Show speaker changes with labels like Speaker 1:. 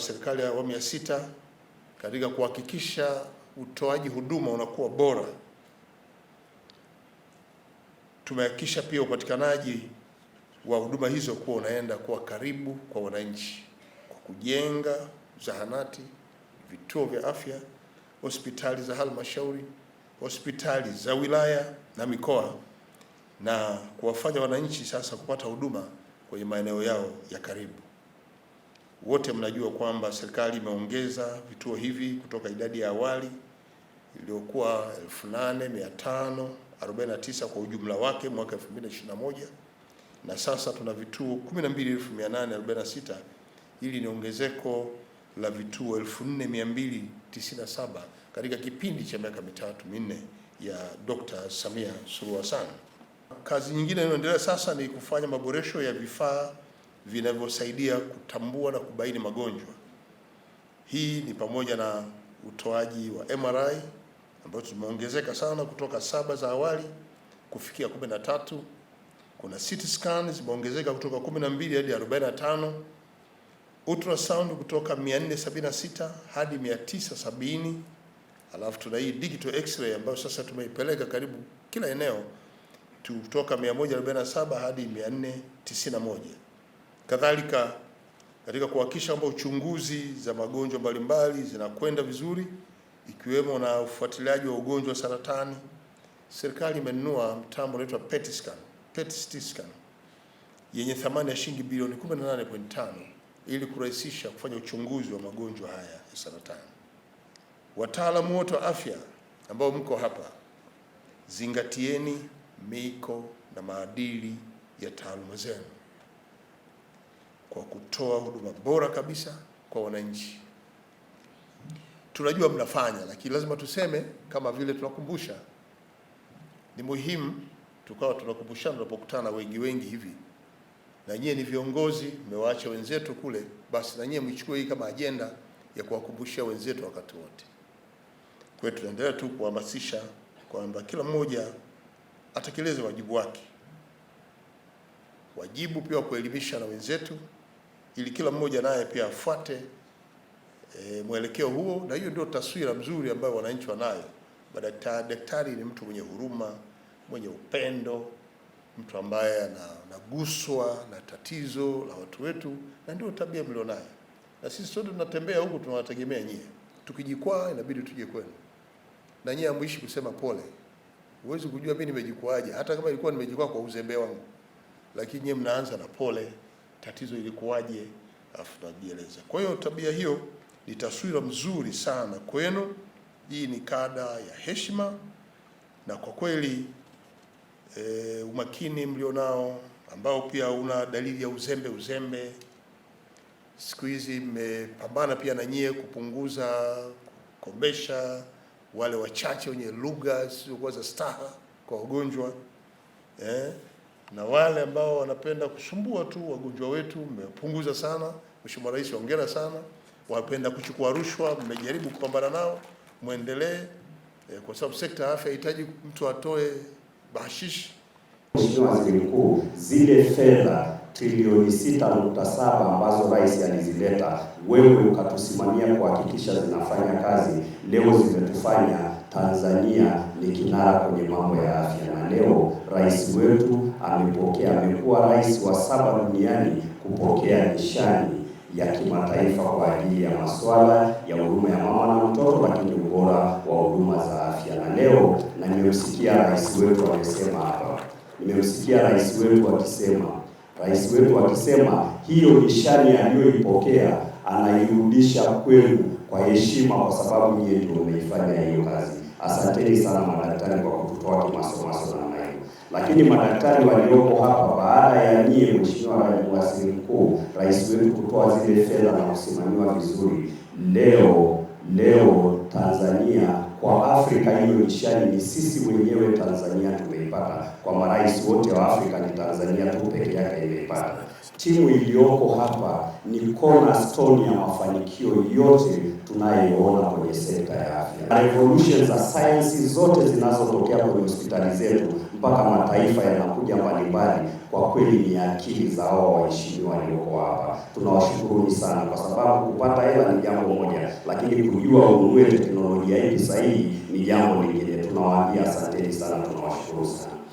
Speaker 1: Serikali ya awamu ya sita katika kuhakikisha utoaji huduma unakuwa bora, tumehakikisha pia upatikanaji wa huduma hizo kuwa unaenda kuwa karibu kwa wananchi kwa kujenga zahanati, vituo vya afya, hospitali za halmashauri, hospitali za wilaya na mikoa, na kuwafanya wananchi sasa kupata huduma kwenye maeneo yao ya karibu. Wote mnajua kwamba serikali imeongeza vituo hivi kutoka idadi ya awali iliyokuwa 8549 kwa ujumla wake mwaka 2021 na sasa tuna vituo 12846. Hili ni ongezeko la vituo 4297 katika kipindi cha miaka mitatu minne ya Dr. Samia Suluhu Hassan. Kazi nyingine inayoendelea sasa ni kufanya maboresho ya vifaa vinavyosaidia kutambua na kubaini magonjwa. Hii ni pamoja na utoaji wa MRI ambayo tumeongezeka sana kutoka saba za awali kufikia kumi na tatu. Kuna CT scan zimeongezeka kutoka 12 hadi 45, ultrasound kutoka 476 hadi 970, alafu tuna hii digital x-ray ambayo sasa tumeipeleka karibu kila eneo kutoka 147 hadi 491. Kadhalika, katika kuhakikisha kwamba uchunguzi za magonjwa mbalimbali zinakwenda vizuri ikiwemo na ufuatiliaji wa ugonjwa wa saratani, serikali imenunua mtambo unaitwa PET scan, PET scan yenye thamani ya shilingi bilioni 18.5 ili kurahisisha kufanya uchunguzi wa magonjwa haya ya saratani. Wataalamu wote wa afya ambao mko hapa, zingatieni miko na maadili ya taaluma zenu kutoa huduma bora kabisa kwa wananchi. Tunajua mnafanya, lakini lazima tuseme kama vile tunakumbusha. Ni muhimu tukawa tunakumbushana tunapokutana wengi wengi hivi, na nyie ni viongozi, mmewaacha wenzetu kule, basi na nyie mchukue hii kama ajenda ya kuwakumbushia wenzetu wakati wote. Kwa hiyo tunaendelea tu kuhamasisha kwamba kila mmoja atekeleze wajibu wake, wajibu pia wa kuelimisha na wenzetu ili kila mmoja naye pia afuate e, mwelekeo huo, na hiyo ndio taswira mzuri ambayo wananchi wanayo. Daktari ni mtu mwenye huruma, mwenye upendo, mtu ambaye anaguswa na na tatizo la watu wetu, na ndio tabia mlionayo, na sisi sote tunatembea huku tunawategemea nyie. Tukijikwaa inabidi tuje kwenu, na nyie amwishi kusema pole. Huwezi kujua mimi nimejikwaje, hata kama ilikuwa nimejikwaa kwa uzembe wangu, lakini nyie mnaanza na pole tatizo ilikuwaje, alafu tunajieleza. Kwa hiyo tabia hiyo ni taswira mzuri sana kwenu. Hii ni kada ya heshima, na kwa kweli e, umakini mlionao ambao pia una dalili ya uzembe uzembe, siku hizi mmepambana pia na nyie kupunguza kukombesha wale wachache wenye lugha zisizokuwa za staha kwa wagonjwa eh na wale ambao wanapenda kusumbua tu wagonjwa wetu mmepunguza sana. Mheshimiwa Rais, hongera sana. Wapenda kuchukua rushwa mmejaribu kupambana nao, mwendelee eh, kwa sababu sekta ya afya inahitaji mtu atoe bashish.
Speaker 2: Mheshimiwa Waziri Mkuu, zile fedha trilioni 6.7 ambazo rais alizileta, wewe ukatusimamia kuhakikisha zinafanya kazi, leo zimetufanya Tanzania ni kinara kwenye mambo ya afya, na leo rais wetu amepokea, amekuwa rais wa saba duniani kupokea nishani ya kimataifa kwa ajili ya masuala ya huduma ya mama na mtoto, lakini ubora wa huduma za afya. Na leo na nimemsikia rais wetu amesema hapa, nimemsikia rais wetu akisema, rais wetu akisema hiyo nishani aliyoipokea anairudisha kwenu kwa heshima, kwa sababu yeye ndio umeifanya hiyo kazi. Asanteni sana madaktari kwa kututoa kimasomaso namna hiyo, lakini madaktari walioko hapa, baada ya nyie, Mheshimiwa Waziri Mkuu, rais wetu kutoa zile fedha na kusimamiwa vizuri, leo leo Tanzania kwa Afrika hiyo nishani ni sisi wenyewe Tanzania tumeipata. Kwa marais wote wa Afrika ni Tanzania tu pekee yake imeipata timu iliyoko hapa ni cornerstone ya mafanikio yote tunayoona kwenye sekta ya afya. Revolution za sayansi zote zinazotokea kwenye hospitali zetu mpaka mataifa yanakuja mbalimbali, kwa kweli ni akili za hao waheshimiwa walioko hapa. Tunawashukuruni sana, kwa sababu kupata hela ni jambo moja, lakini kujua ununue teknolojia hii sahihi ni jambo lingine. Tunawaambia asanteni sana, tunawashukuru sana.